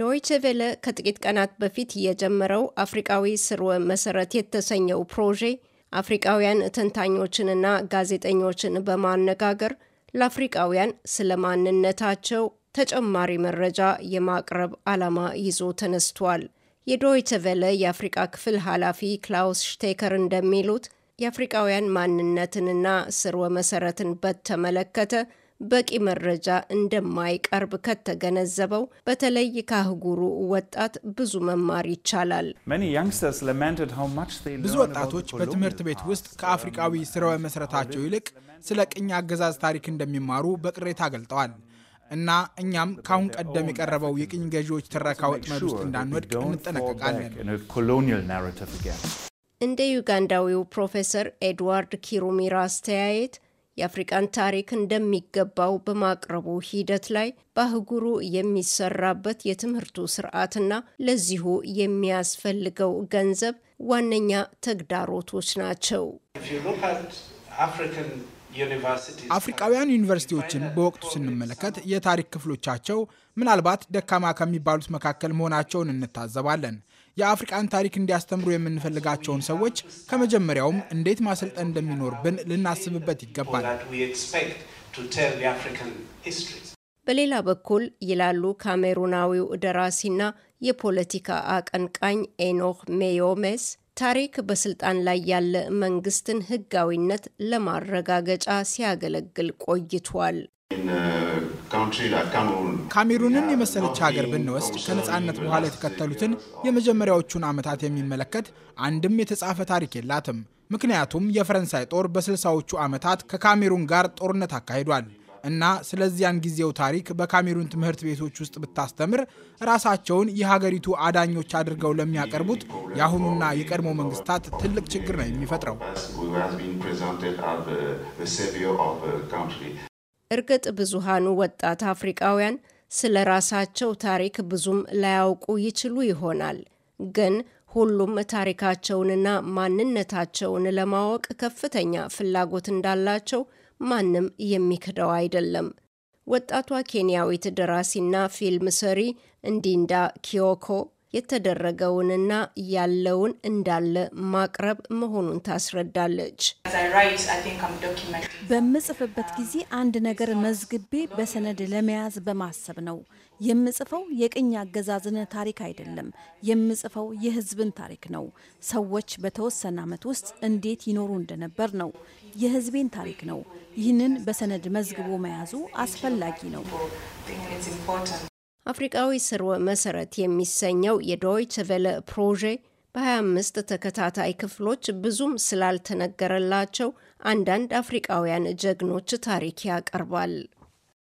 ዶይቸ ቬለ ከጥቂት ቀናት በፊት የጀመረው አፍሪቃዊ ስርወ መሰረት የተሰኘው ፕሮጄ አፍሪቃውያን ተንታኞችንና ጋዜጠኞችን በማነጋገር ለአፍሪቃውያን ስለ ማንነታቸው ተጨማሪ መረጃ የማቅረብ ዓላማ ይዞ ተነስቷል። የዶይቸ ቬለ የአፍሪቃ ክፍል ኃላፊ ክላውስ ሽቴከር እንደሚሉት የአፍሪቃውያን ማንነትንና ስርወ መሰረትን በተመለከተ በቂ መረጃ እንደማይቀርብ ከተገነዘበው በተለይ ከአህጉሩ ወጣት ብዙ መማር ይቻላል። ብዙ ወጣቶች በትምህርት ቤት ውስጥ ከአፍሪቃዊ ስርወ መሰረታቸው ይልቅ ስለ ቅኝ አገዛዝ ታሪክ እንደሚማሩ በቅሬታ ገልጠዋል። እና እኛም ከአሁን ቀደም የቀረበው የቅኝ ገዢዎች ትረካ ወጥመድ ውስጥ እንዳንወድቅ እንጠነቀቃለን። እንደ ዩጋንዳዊው ፕሮፌሰር ኤድዋርድ ኪሩሚራ አስተያየት የአፍሪቃን ታሪክ እንደሚገባው በማቅረቡ ሂደት ላይ በአህጉሩ የሚሰራበት የትምህርቱ ስርዓትና ለዚሁ የሚያስፈልገው ገንዘብ ዋነኛ ተግዳሮቶች ናቸው። አፍሪቃውያን ዩኒቨርሲቲዎችን በወቅቱ ስንመለከት የታሪክ ክፍሎቻቸው ምናልባት ደካማ ከሚባሉት መካከል መሆናቸውን እንታዘባለን። የአፍሪቃን ታሪክ እንዲያስተምሩ የምንፈልጋቸውን ሰዎች ከመጀመሪያውም እንዴት ማሰልጠን እንደሚኖርብን ልናስብበት ይገባል። በሌላ በኩል ይላሉ ካሜሩናዊው ደራሲና የፖለቲካ አቀንቃኝ ኤኖህ ሜዮሜስ ታሪክ በስልጣን ላይ ያለ መንግስትን ህጋዊነት ለማረጋገጫ ሲያገለግል ቆይቷል። uh, ካሜሩንን የመሰለች ሀገር ብንወስድ ከነጻነት በኋላ የተከተሉትን የመጀመሪያዎቹን ዓመታት የሚመለከት አንድም የተጻፈ ታሪክ የላትም። ምክንያቱም የፈረንሳይ ጦር በስልሳዎቹ ዓመታት ከካሜሩን ጋር ጦርነት አካሂዷል። እና ስለዚያን ጊዜው ታሪክ በካሜሩን ትምህርት ቤቶች ውስጥ ብታስተምር ራሳቸውን የሀገሪቱ አዳኞች አድርገው ለሚያቀርቡት የአሁኑና የቀድሞ መንግስታት ትልቅ ችግር ነው የሚፈጥረው። እርግጥ ብዙሃኑ ወጣት አፍሪቃውያን ስለ ራሳቸው ታሪክ ብዙም ላያውቁ ይችሉ ይሆናል። ግን ሁሉም ታሪካቸውንና ማንነታቸውን ለማወቅ ከፍተኛ ፍላጎት እንዳላቸው ማንም የሚክደው አይደለም። ወጣቷ ኬንያዊት ደራሲና ፊልም ሰሪ እንዲንዳ ኪዮኮ የተደረገውንና ያለውን እንዳለ ማቅረብ መሆኑን ታስረዳለች። በምጽፍበት ጊዜ አንድ ነገር መዝግቤ በሰነድ ለመያዝ በማሰብ ነው የምጽፈው። የቅኝ አገዛዝን ታሪክ አይደለም የምጽፈው፣ የህዝብን ታሪክ ነው። ሰዎች በተወሰነ ዓመት ውስጥ እንዴት ይኖሩ እንደነበር ነው። የህዝቤን ታሪክ ነው። ይህንን በሰነድ መዝግቦ መያዙ አስፈላጊ ነው። አፍሪቃዊ ስርወ መሰረት የሚሰኘው የዶይች ቬለ ፕሮጄ በ25 ተከታታይ ክፍሎች ብዙም ስላልተነገረላቸው አንዳንድ አፍሪቃውያን ጀግኖች ታሪክ ያቀርባል።